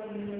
وَإِنَّ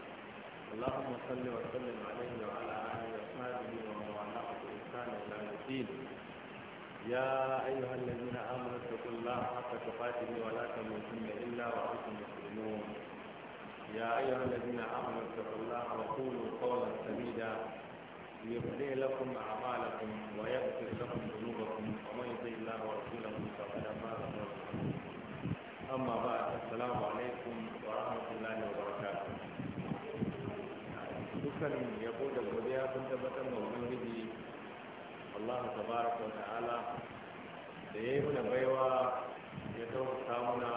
اللهم صل وسلم عليه وعلى آله وصحبه ومن والاه بإحسان إلى الدين يا أيها الذين آمنوا اتقوا الله حق تقاته ولا تموتن إلا وأنتم مسلمون يا أيها الذين آمنوا اتقوا الله وقولوا قولا سديدا يغفر لكم أعمالكم ويغفر لكم ذنوبكم ومن يطع الله ورسوله فقد فاز أما بعد السلام عليكم Allah tabaraka wa ta'ala da ya yi muna baiwa ya taurata muna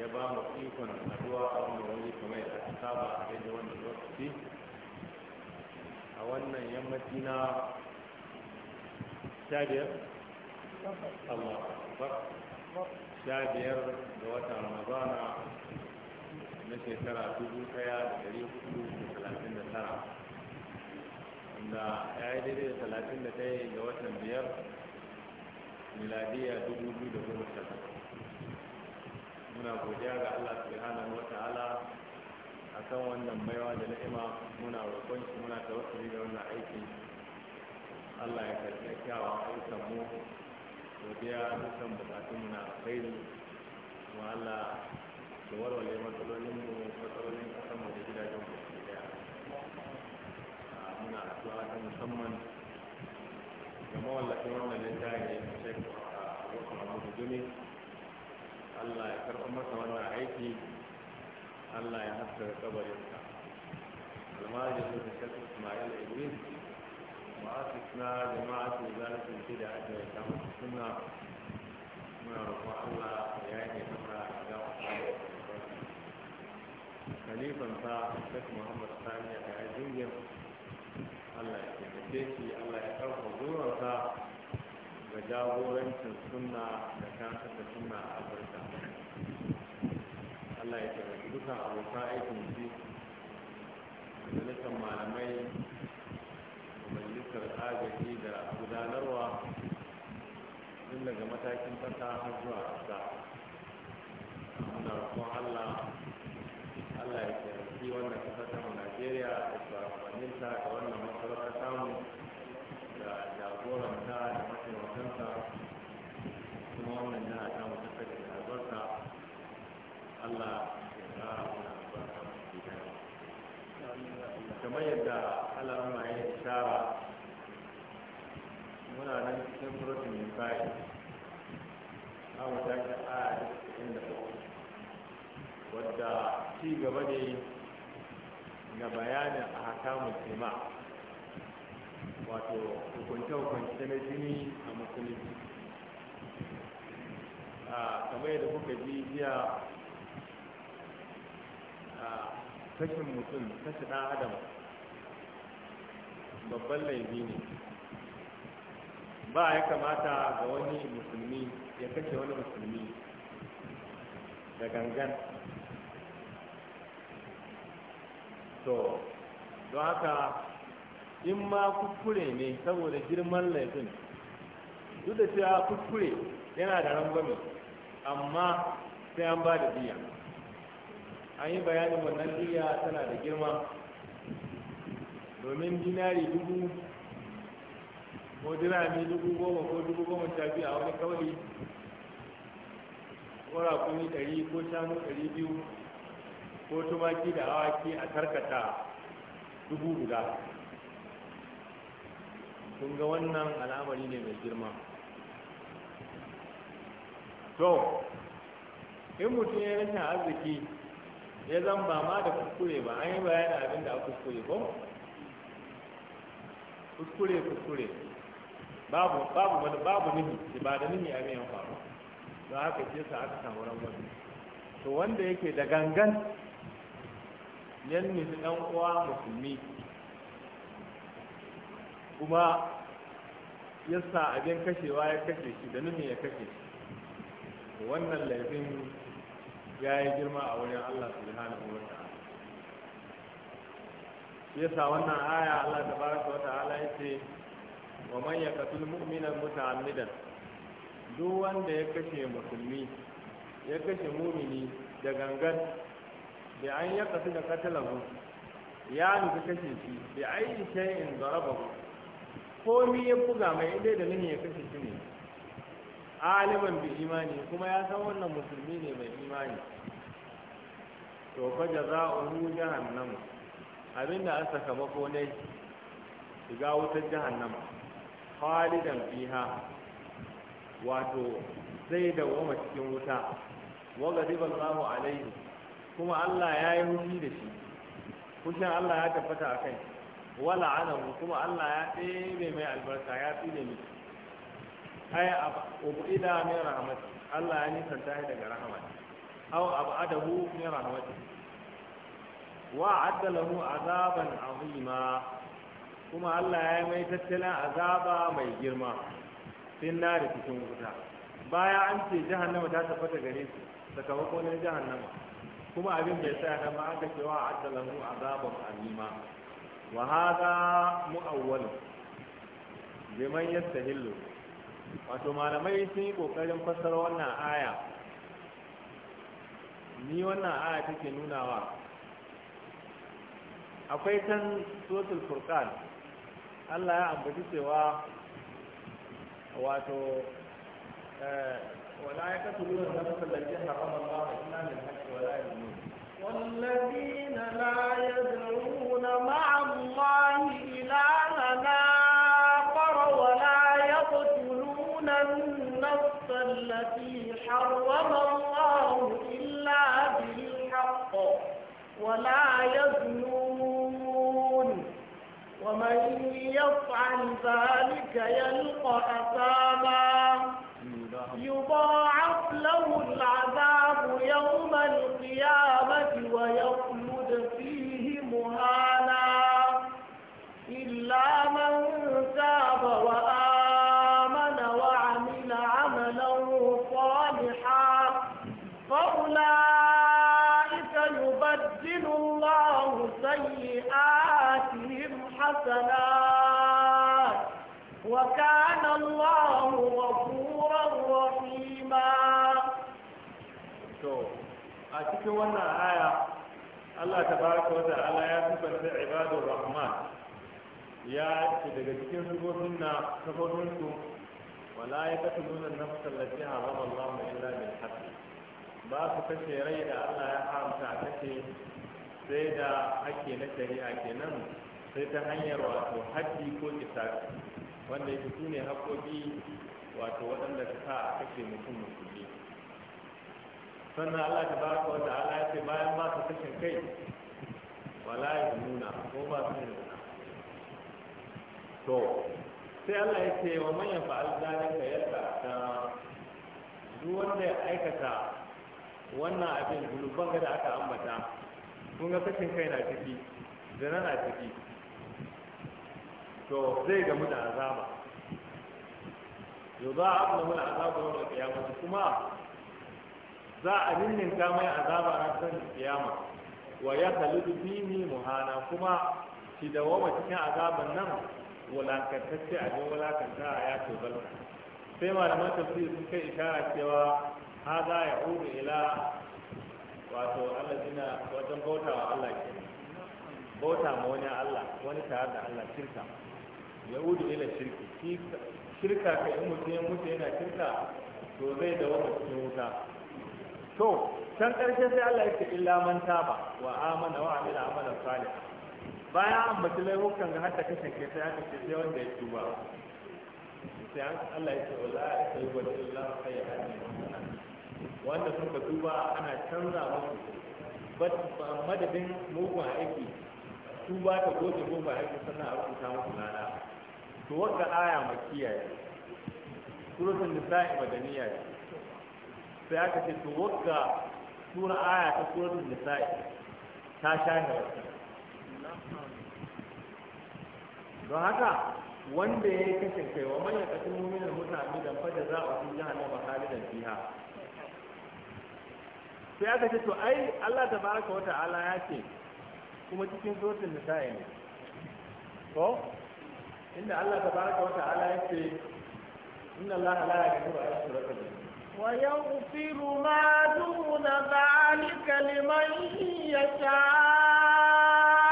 ya ba mu ikon haduwa a wani wani kuma ya saba a daidai wannan lokaci a wannan yammaci na sha biyar Allah akbar sha da wata ramadana na shekara dubu ɗaya da ɗari hudu da talatin da tara da ya yi daidai da talatin da ɗaya ga watan biyar miladiya dubu biyu da goma sha muna godiya ga allah hana wa ta'ala kan wannan baiwa da na'ima. muna roƙon shi muna tawassuli da wannan aiki allah ya karɓi a ayyukan mu godiya dukkan bukatun mu na alkhairi kuma allah ya warware matsalolin mu matsalolin ƙasar mu da gidajen mu muna addu'a ta musamman ga mawallafin wannan littafi shek abubakar mahmud jumi allah ya karɓa masa wannan aiki allah ya haskaka kabarinsa almajin su da shek ismail idris ma'asis na jama'a su zalafin shida a da ta mutu suna muna roƙon allah ya yi masa ga wasu خليفة بتاع الشيخ محمد الثاني حياة Allah ya taimake shi Allah ya karfa zuwarsa ga jagorancin sunna da kansa da sunna a Afirka Allah ya taimaki duka abokan aikin shi majalisar malamai majalisar agaji da gudanarwa tun daga matakin kasa har zuwa ƙasa muna roƙon Allah Allah ya taimake ciki wanda ta kasar a nigeria da tsarafaninta da wannan masarautar samu da jagoranta da mataimakansa kuma wannan ta mutu ta sake da albarka allah ya ga wani albarka masu kamar yadda alamma ya ishara muna nan cikin furotin nisa'i za mu tashi a 23 wadda ci gaba ne da bayanin a hakamun tema wato hukunce-hukunce na jini a musulunci kamar yadda kuka ji jiya kashin mutum kashe ɗan adam babban laifi ne ba ya kamata ga wani musulmi ya kashe wani musulmi da gangan to don haka in ma kuskure ne saboda girman laifin duk da cewa kuskure yana da rangwame amma sai an ba da biya an yi bayanin wannan biya tana da girma domin dinari dubu ko dirami dubu goma ko dubu goma sha biyu a wani kawai ko rakumi ɗari ko shanu ɗari biyu ko tumaki da awaki a tarkata dubu guda kun ga wannan al'amari ne mai girma to in mutum ya rashin arziki ya zan ba ma da kuskure ba an yi bayan abin da a kuskure ko kuskure kuskure babu babu wani babu nihi ba da nihi abin yan faru don haka ce sa aka samu wani. to wanda yake da gangan yan nufi ɗan uwa musulmi kuma ya sa abin kashewa ya kashe shi da nufin ya kashe wannan laifin ya yi girma a wurin Allah subhanahu wa wata Ya yasa wannan aya Allah wata wa ta'ala yace wa manya yaqtul mu'minan muta'ammidan duk wanda ya kashe musulmi ya kashe mumini da gangan bi an ya kasu da katalahu ya nufi kashe shi bi ayi shay'in darabahu komi ya buga mai inda da nini ya kashe shi ne aliman bi imani kuma ya san wannan musulmi ne mai imani to fa jaza'uhu jahannam abinda an saka mako ne shiga wutar nan khalidan fiha wato zai dawoma cikin wuta wa za Allahu alaihi kuma Allah ya yi wuri da shi Kushin Allah ya tabbata a kai wala anahu kuma Allah ya ɗebe mai albarka ya tsine mai ai ubida mai Rahmat Allah ya nisanta shi daga rahmati aw hu mai Rahmat. wa adda lahu azaban azima kuma Allah ya mai tattalin azaba mai girma sun na da cikin wuta baya an ce jahannama ta tabbata gare su sakamakon jahannama kuma abin bai sa da ma aka cewa addalahu azaban alima wa hada mu'awwal yadda yastahillu wato malamai sun yi kokarin fassara wannan aya ni wannan aya take nunawa akwai can suratul furqan Allah ya ambaci cewa wato eh, ولا يقتلون النفس التي حرم الله إلا بالحق ولا يزنون والذين لا يدعون مع الله إلهنا آخر ولا يقتلون النفس التي حرم الله إلا بالحق ولا يزنون ومن يفعل ذلك يلقى أثاما cikin wannan aya Allah ta baraka wa ta'ala ya sifanta ibadur rahman ya ce daga cikin sifofin na sifofin su wala ya kasu nuna nafsar ta harama Allah illa bil ba su kashe rai da Allah ya haramta a kashe sai da ake na shari'a kenan sai ta hanyar wato haddi ko kisasi wanda yake sune haƙoƙi wato waɗanda ka sa a kashe mutum musulmi sannan Allah ta baraka wata ala ya ce bayan ba su kashin kai wala ya nuna ko ba su yi nuna to sai Allah ya ce wa manyan fa'al ka yadda ta duk wanda ya aikata wannan abin gulubban gada aka ambata kun ga kashin kai na ciki zana na ciki to zai gamu da azaba yau za a abu na azabu yau da kuma za a ninninka mai azaba ran san kiyama wa ya khalidu fihi muhana kuma shi da wawa cikin azaban nan wulakantacce a jin wulakanta a ya balka sai malaman tafsir sun kai ishara cewa haza ya hudu ila wato Allah jina wajen bauta wa Allah ke bauta ma wani Allah wani tare da Allah shirka ya hudu ila shirki shirka ka in mutum ya mutu yana shirka to zai da wata cikin wuta to can karshe sai Allah ya ce illa man taba wa amana wa amila amalan salih bayan an bata laifukan ga hatta kashe ke sai aka ce sai wanda ya tuba sai Allah ya ce wala ya sai wa illa kai wanda sun tuba ana canza musu bat madadin mugun aiki tuba ta goje mugun aiki sannan a rubuta musu nana to wanda aya makiyaye suratul nisa'i madaniya sai aka ce to wakka sura aya ta suratul nisa'i ta sha wata don haka wanda ya yi kashin kai wa manyan kasin mummunan mutane da fada za a fi jahannama halidan fiha sai aka ce to ai Allah ta baraka wata ala ya ce kuma cikin suratul nisa'i ne ko inda Allah ta baraka wata ala ya ce inna Allah la yaghfiru an yushraka bihi ويغفر ما دون ذلك لمن يشاء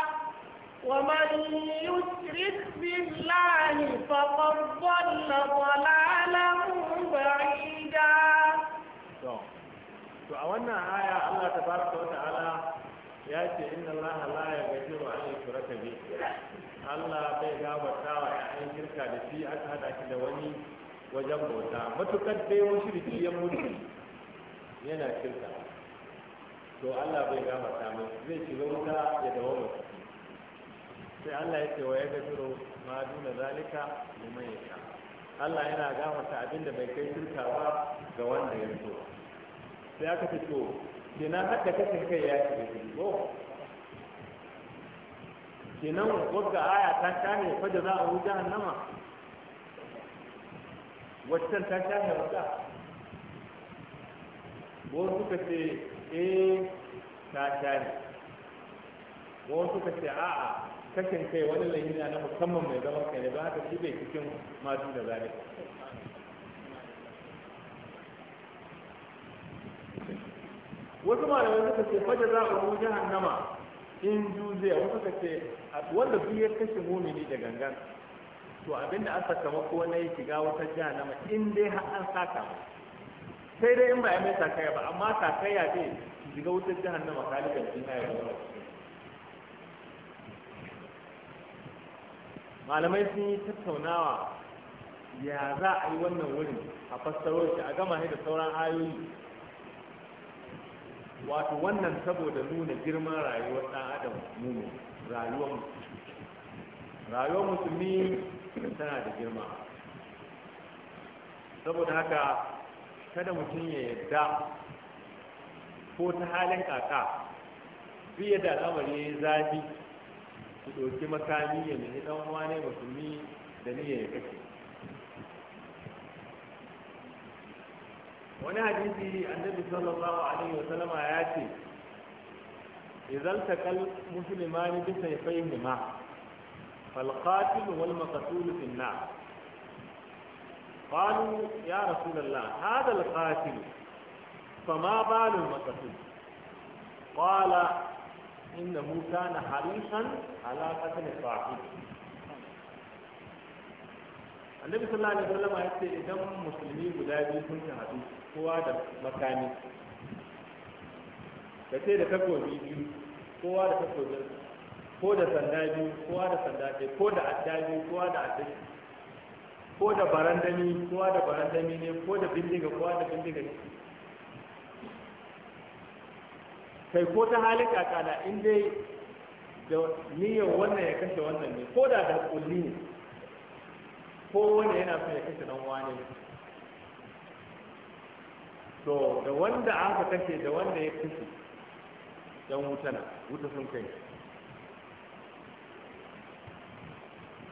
ومن يشرك بالله فقد ضل ضلالا بعيدا to a wannan aya Allah tabaraka ta'ala ya ce inna Allah la yaghfiru an yushraka bi Allah bai gafarta wa ayyukan shirka da shi aka hada shi da wani wajen bauta matukar dai da ya mutu yana shirka to Allah bai gama mai zai shiga wuta ya dawo mutu sai Allah ya ce wa ya gafiro ma duna zalika mai yasha Allah yana abin abinda bai kai shirka ba ga wanda ya so sai aka ce to kenan hadda kashin kai ya shiga ko kenan wadda aya ta kame fa da za a wuce nama? waccan ta shafe wata wasu suka ce eh ta shafe wasu suka ce a'a kashin kai wani lahina na musamman mai zaman kai ne ba haka shi bai cikin masu da zane wasu malamai suka ce fajar za a jihar nama in juziya wasu suka ce wanda biyar ya kashe mumini da gangan to abinda an sakamako na yi shiga wata ma in dai har an saka sai dai in ba ya mai sakaya ba amma sakaya dai shiga wutar jahannama kalibar jina ya zama malamai sun yi tattaunawa ya za a yi wannan wurin a fassaro shi a gama da sauran ayoyi wato wannan saboda nuna girman rayuwar ɗan adam mu rayuwar musulmi rayuwar musulmi tana da girma saboda haka kada mutum ya yadda ko ta halin kaka biya da al'amari ya yi zafi su ɗauki makami ya mai ɗan wane musulmi da niyya ya kake wani hadisi annabi sallallahu alaihi wa sallama ya ce idan taqal muslimani bi sayfayhima فالقاتل هو المقتول في النار قالوا يا رسول الله هذا القاتل فما بال المقتول قال إنه كان حريصا على قتل صاحبه النبي صلى الله عليه وسلم قال إذا مسلمين بلادي كنت حديث هو هذا مكاني فتير كفو بيديو ko da sanda biyu kowa da sanda ɗaya ko da adda biyu kowa da adda ko da barandami kowa da barandami ne ko da bindiga kowa da bindiga ne kai ko ta halin kakana in dai da niyyar wannan ya kashe wannan ne ko da da kulli ne ko wanda yana son ya kashe dan wani ne. to da wanda aka kashe da wanda ya kashe dan wutana wuta sun kai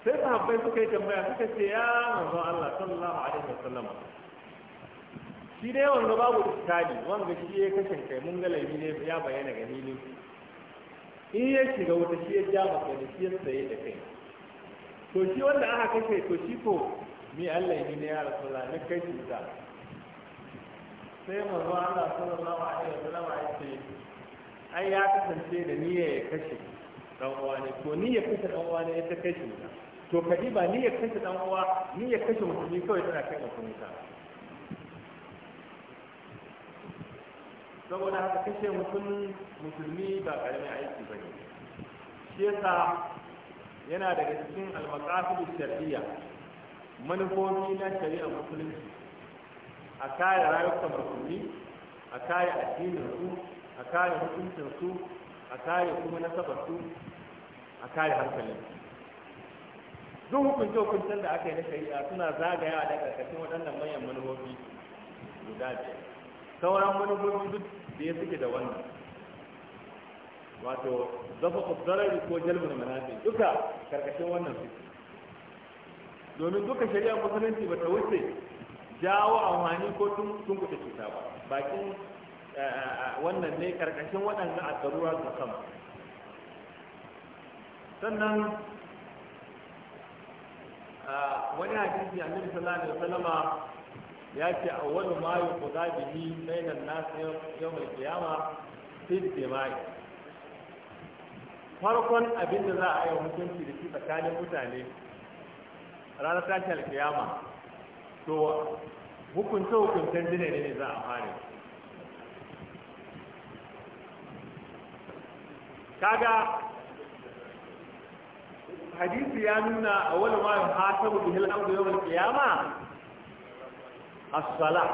sai sahabbai suka yi tambaya suka ce ya manzo Allah sallallahu alaihi wasallam shi dai wanda babu iskali wanda shi ya kashe kai mun ga laifi ne ya bayyana ga hili in ya shiga wuta shi ya ja maka da shi ya tsaye da kai to shi wanda aka kashe to shi ko mi Allah yi ne ya rasulullah ne kai shi ta sai manzo Allah sallallahu alaihi wasallam ya ce ai ya kasance da niyya ya kashe dan uwa ne to niyya kashe dan uwa ne ita shi ta to ba ni ya kashe dan uwa ni ya kashe musulmi kawai tana kai ga kuma ta saboda haka kashe mutum musulmi ba karamin aiki ba ne shi yasa yana daga cikin almaqasid shar'iyya manufofi na shari'ar musulunci a kare rayukan musulmi a kare addinin su a kare hukuncin su a kare kuma nasabar su a kare hankalin su duk hukunce hukuncen da aka yi na shari'a suna zagaya da karkashin waɗannan manyan manufofi guda biyar sauran manufofi duk da ya suke da wannan wato zafa zarari ko jalbin manafi duka karkashin wannan suke domin duka shari'a musulunci ba ta wuce jawo amfani ko tun kuɗe cuta ba bakin eh, eh, wannan ne karkashin waɗannan a tsarura su sama sannan wani hadisi nufin sallallahu alaihi wasallama ya ce a wani mayu ku zaɓi ni nan nasu yau mai kiyama fil jima'i farkon abin da za a yi hukunci da shi tsakanin mutane ranar tashi alkiyama to hukunta hukuntar jine ne za a fara kaga hadisi ya nuna a wani ma yau hasabu bihi al-amru yawm al-qiyama as-salah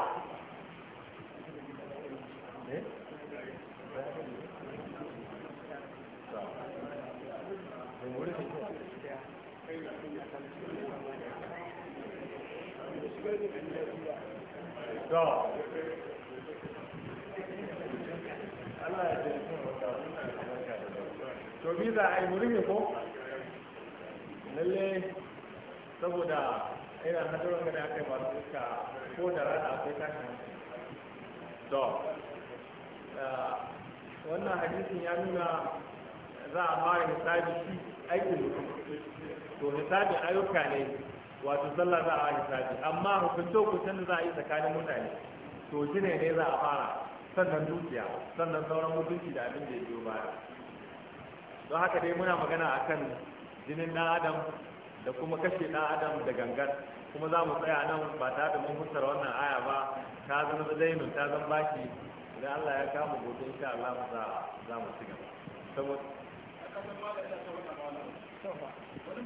to bi za a yi murmi ko lalle saboda ina hadarin gada aka kai masu iska ko da rana akwai tashin to wannan hadisin ya nuna za a fara hisabi shi aikin to hisabin ayyuka ne wato sallah za a hisabi amma hukunce hukuncen da za a yi tsakanin mutane to shi ne ne za a fara sannan dukiya sannan sauran mutunci da abin da ya biyo baya don haka dai muna magana akan jinin ɗan adam da kuma kashe ɗan adam da gangan kuma za mu tsaya nan ba ta da mun fassara wannan aya ba ta zama zainun ta zama baki idan Allah ya kama gobe insha Allah mu za mu ci gaba saboda wani mai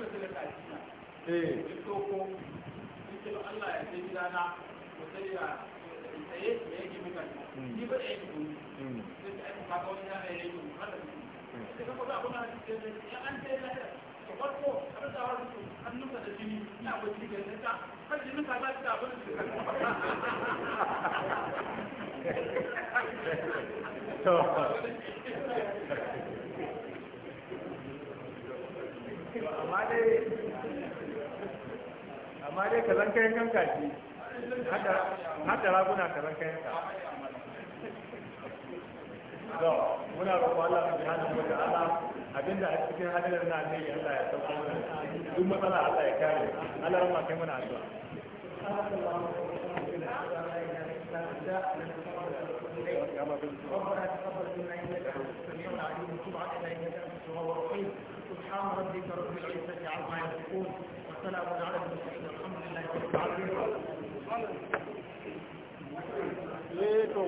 mutum da kaji na eh ko ce Allah ya ce gidana ko sai ya tsaye me yake muka ni ba da yake gobe sai ka aika ka wani ya yake muka da ni sai ka ko da abuna ya an sai lahira amma dai ka zan kayan kanka ce hada raguna ka zan kayan ka muna roƙon Allah abinda a cikin hadarar na kai Allah ya san Allah duk matsala Allah ya kare Allah ran ma kai mana addu'a ربنا تقبل منا انك انت السميع العليم وتب علينا انك انت التواب الرحيم سبحان ربك رب العزه عما يصفون وسلام على المرسلين والحمد لله رب العالمين. ليكم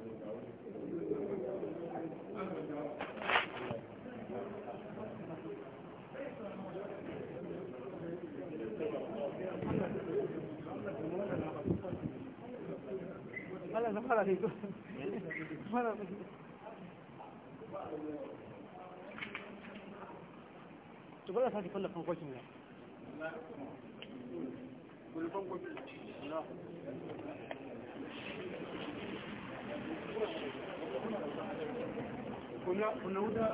nan fara kai kuna kuna wuta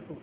cuối cùng